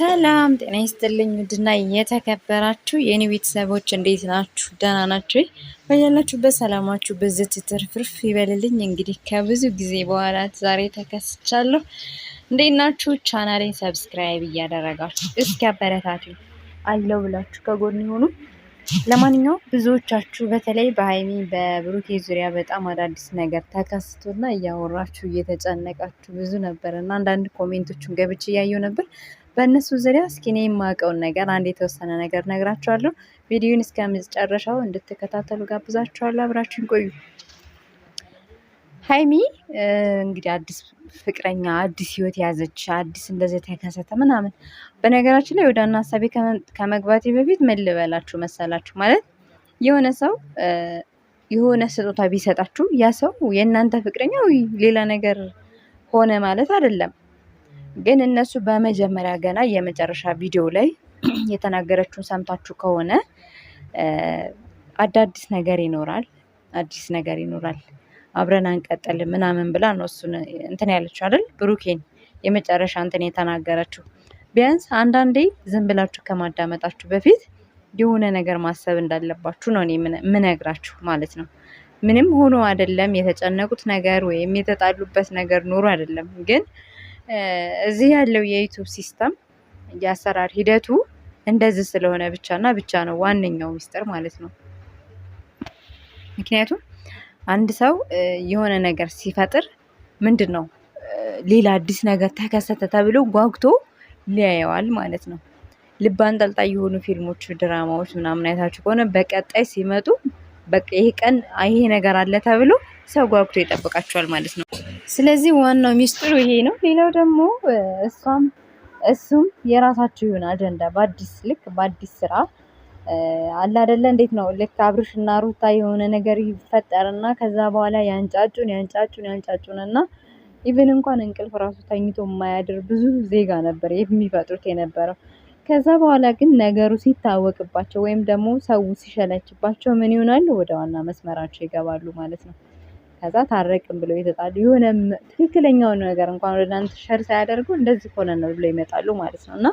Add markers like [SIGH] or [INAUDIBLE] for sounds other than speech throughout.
ሰላም ጤና ይስጥልኝ። ውድና የተከበራችሁ የኔ ቤተሰቦች እንዴት ናችሁ? ደህና ናችሁ? በያላችሁበት ሰላማችሁ ብዝት ትርፍርፍ ይበልልኝ። እንግዲህ ከብዙ ጊዜ በኋላ ዛሬ ተከስቻለሁ። እንዴት ናችሁ? ቻናሌን ሰብስክራይብ እያደረጋችሁ እስኪ አበረታቱ አለው ብላችሁ ከጎን የሆኑ ለማንኛውም ብዙዎቻችሁ በተለይ በሀይሚ በብሩኬ ዙሪያ በጣም አዳዲስ ነገር ተከስቶና እያወራችሁ እየተጨነቃችሁ ብዙ ነበር እና አንዳንድ ኮሜንቶችን ገብቼ እያየሁ ነበር በእነሱ ዙሪያ እስኪ እኔ የማውቀውን ነገር አንድ የተወሰነ ነገር ነግራችኋለሁ። ቪዲዮን እስከ መጨረሻው እንድትከታተሉ ጋብዛችኋለሁ። አብራችሁን ቆዩ። ሀይሚ እንግዲህ አዲስ ፍቅረኛ፣ አዲስ ህይወት የያዘች አዲስ እንደዚህ ተከሰተ ምናምን። በነገራችን ላይ ወደ እና ሀሳቤ ከመግባቴ በፊት ምን ልበላችሁ መሰላችሁ ማለት የሆነ ሰው የሆነ ስጦታ ቢሰጣችሁ ያ ሰው የእናንተ ፍቅረኛ ሌላ ነገር ሆነ ማለት አይደለም። ግን እነሱ በመጀመሪያ ገና የመጨረሻ ቪዲዮ ላይ [CLEARS THROAT] የተናገረችውን ሰምታችሁ ከሆነ አዳዲስ ነገር ይኖራል፣ አዲስ ነገር ይኖራል፣ አብረን አንቀጥል ምናምን ብላ ነው እሱን እንትን ያለችው አይደል? ብሩኬን የመጨረሻ እንትን የተናገረችው። ቢያንስ አንዳንዴ ዝም ብላችሁ ከማዳመጣችሁ በፊት የሆነ ነገር ማሰብ እንዳለባችሁ ነው የምነግራችሁ ማለት ነው። ምንም ሆኖ አይደለም የተጨነቁት ነገር ወይም የተጣሉበት ነገር ኖሮ አይደለም ግን እዚህ ያለው የዩቱብ ሲስተም የአሰራር ሂደቱ እንደዚህ ስለሆነ ብቻና ብቻ ነው ዋነኛው ሚስጥር ማለት ነው። ምክንያቱም አንድ ሰው የሆነ ነገር ሲፈጥር ምንድን ነው ሌላ አዲስ ነገር ተከሰተ ተብሎ ጓጉቶ ሊያየዋል ማለት ነው። ልብ አንጠልጣይ የሆኑ ፊልሞች፣ ድራማዎች ምናምን አይታችሁ ከሆነ በቀጣይ ሲመጡ በቃ ይሄ ቀን ይሄ ነገር አለ ተብሎ ሰው ጓጉቶ ይጠብቃቸዋል ማለት ነው። ስለዚህ ዋናው ሚስጥሩ ይሄ ነው። ሌላው ደግሞ እሷም እሱም የራሳቸው ይሁን አጀንዳ በአዲስ ልክ በአዲስ ስራ አለ አይደለ? እንዴት ነው ልክ አብርሽ እና ሩታ የሆነ ነገር ይፈጠርና ከዛ በኋላ ያንጫጩን ያንጫጩን ያንጫጩን እና ኢቨን እንኳን እንቅልፍ ራሱ ተኝቶ የማያድር ብዙ ዜጋ ነበር የሚፈጥሩት የነበረው። ከዛ በኋላ ግን ነገሩ ሲታወቅባቸው ወይም ደግሞ ሰው ሲሸለችባቸው ምን ይሆናል? ወደ ዋና መስመራቸው ይገባሉ ማለት ነው። ከዛ ታረቅም ብለው የተጣሉ የሆነ ትክክለኛውን ነገር እንኳን ወደ እናንተ ሸር ሳያደርጉ እንደዚህ ሆነ ነው ብለው ይመጣሉ ማለት ነው። እና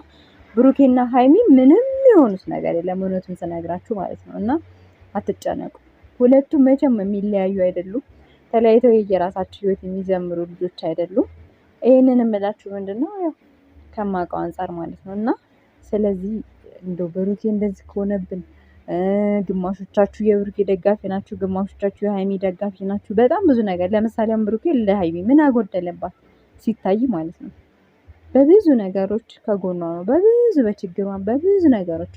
ብሩኬና ሀይሚ ምንም የሆኑት ነገር የለም እውነቱን ስነግራችሁ ማለት ነው። እና አትጨነቁ፣ ሁለቱም መቼም የሚለያዩ አይደሉም። ተለያይተው የየራሳቸው ህይወት የሚዘምሩ ልጆች አይደሉም። ይህንን የምላችሁ ምንድን ነው ያው ከማውቀው አንጻር ማለት ነው። እና ስለዚህ እንደው ብሩኬ እንደዚህ ከሆነብን ግማሾቻችሁ የብሩኬ ደጋፊ ናችሁ፣ ግማሾቻችሁ የሀይሚ ደጋፊ ናችሁ። በጣም ብዙ ነገር ለምሳሌ አሁን ብሩኬ ለሀይሚ ምን አጎደለባት ሲታይ ማለት ነው። በብዙ ነገሮች ከጎኗ ነው፣ በብዙ በችግሯን፣ በብዙ ነገሮቿ።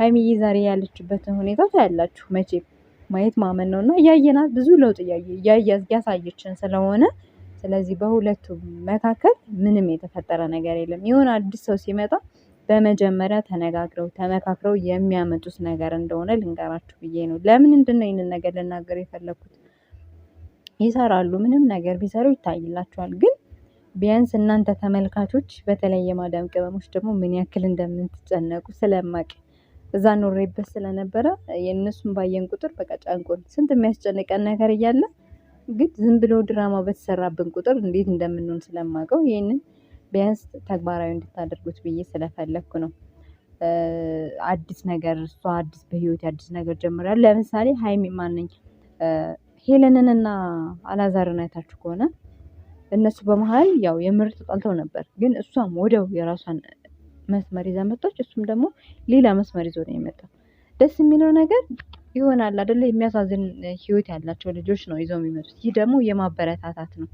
ሀይሚዬ ዛሬ ያለችበትን ሁኔታ ታያላችሁ። መቼም ማየት ማመን ነው እና እያየናት ብዙ ለውጥ እያሳየችን ስለሆነ ስለዚህ በሁለቱ መካከል ምንም የተፈጠረ ነገር የለም። የሆነ አዲስ ሰው ሲመጣ በመጀመሪያ ተነጋግረው ተመካክረው የሚያመጡት ነገር እንደሆነ ልንገራችሁ ብዬ ነው። ለምን እንድነው ይህንን ነገር ልናገር የፈለግኩት? ይሰራሉ፣ ምንም ነገር ቢሰሩ ይታይላቸዋል። ግን ቢያንስ እናንተ ተመልካቾች፣ በተለይ የማዳም ቅመሞች ደግሞ ምን ያክል እንደምትጨነቁ ስለማቅ እዛ ኖሬበት ስለነበረ የእነሱን ባየን ቁጥር በቃ ጨንቆን ስንት የሚያስጨንቀን ነገር እያለ ግን ዝም ብሎ ድራማ በተሰራብን ቁጥር እንዴት እንደምንሆን ስለማውቀው ይህንን ቢያንስ ተግባራዊ እንድታደርጉት ብዬ ስለፈለግኩ ነው። አዲስ ነገር እሷ አዲስ በህይወት አዲስ ነገር ጀምራል። ለምሳሌ ሀይሚ ማነኝ እና አላዛርን አይታችሁ ከሆነ እነሱ በመሀል ያው የምር ተጣልተው ነበር፣ ግን እሷም ወዲያው የራሷን መስመር ይዛ መጣች፣ እሱም ደግሞ ሌላ መስመር ይዞ ነው የመጣው። ደስ የሚለው ነገር ይሆናል አደለ የሚያሳዝን ህይወት ያላቸው ልጆች ነው ይዘው የሚመጡት። ይህ ደግሞ የማበረታታት ነው።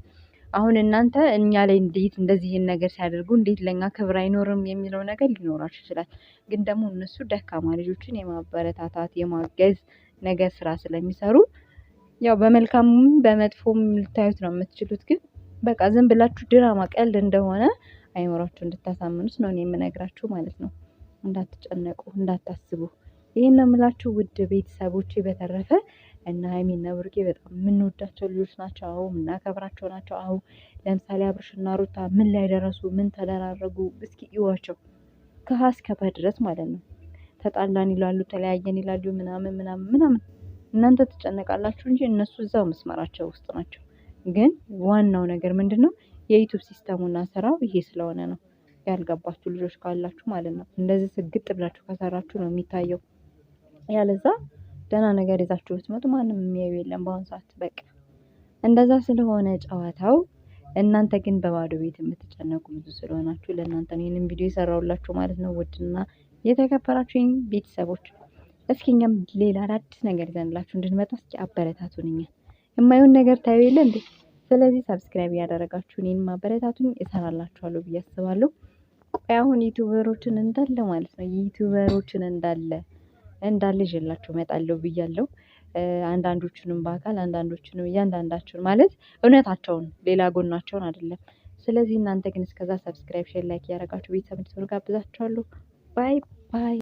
አሁን እናንተ እኛ ላይ እንዴት እንደዚህን ነገር ሲያደርጉ እንዴት ለእኛ ክብር አይኖርም የሚለው ነገር ሊኖራችሁ ይችላል። ግን ደግሞ እነሱ ደካማ ልጆችን የማበረታታት የማገዝ ነገር ስራ ስለሚሰሩ ያው በመልካሙም በመጥፎም ልታዩት ነው የምትችሉት። ግን በቃ ዝም ብላችሁ ድራማ ቀልድ እንደሆነ አይምሯችሁ እንድታሳምኑት ነው የምነግራችሁ ማለት ነው። እንዳትጨነቁ፣ እንዳታስቡ። ይህን ነው የምላችሁ ውድ ቤተሰቦቼ። በተረፈ እና ሀይሚና ብሩኬ በጣም የምንወዳቸው ልጆች ናቸው። አዎ የምናከብራቸው ናቸው። አዎ ለምሳሌ አብርሽና ሩታ ምን ላይ ደረሱ? ምን ተደራረጉ? እስኪ እዩዋቸው ከሀ እስከ ፐ ድረስ ማለት ነው። ተጣላን ይላሉ፣ ተለያየን ይላሉ፣ ምናምን ምናምን ምናምን። እናንተ ትጨነቃላችሁ እንጂ እነሱ እዛው መስመራቸው ውስጥ ናቸው። ግን ዋናው ነገር ምንድን ነው? የዩቱብ ሲስተሙና ስራው ይሄ ስለሆነ ነው። ያልገባችሁ ልጆች ካላችሁ ማለት ነው እንደዚህ ስግጥ ብላችሁ ከሰራችሁ ነው የሚታየው ያለዛ ደህና ነገር ይዛችሁ ብትመጡ ማንም የሚያዩ የለም በአሁኑ ሰዓት በቃ እንደዛ ስለሆነ ጨዋታው። እናንተ ግን በባዶ ቤት የምትጨነቁ ብዙ ስለሆናችሁ ለእናንተ ነው ይህንን ቪዲዮ የሰራሁላችሁ ማለት ነው። ውድና የተከበራችሁኝ ቤተሰቦች እስኪ እኛም ሌላ አዳዲስ ነገር ይዘንላችሁ እንድንመጣ እስኪ አበረታቱን። እኛ የማይሆን ነገር ታዩ የለ እንዴ? ስለዚህ ሰብስክራይብ እያደረጋችሁ እኔን ማበረታቱኝ እሰራላችኋለሁ ብዬ አስባለሁ። ቆይ አሁን ዩቱበሮችን እንዳለ ማለት ነው ዩቱበሮችን እንዳለ እንዳለ ይዤላችሁ እመጣለሁ ብያለሁ። አንዳንዶቹንም በአካል አንዳንዶቹንም እያንዳንዳችሁን ማለት እውነታቸውን ሌላ ጎናቸውን አይደለም። ስለዚህ እናንተ ግን እስከዛ ሰብስክራይብ፣ ሼር፣ ላይክ እያደረጋችሁ ቤተሰብ እንድትሆኑ ጋብዛችኋለሁ። ባይ ባይ።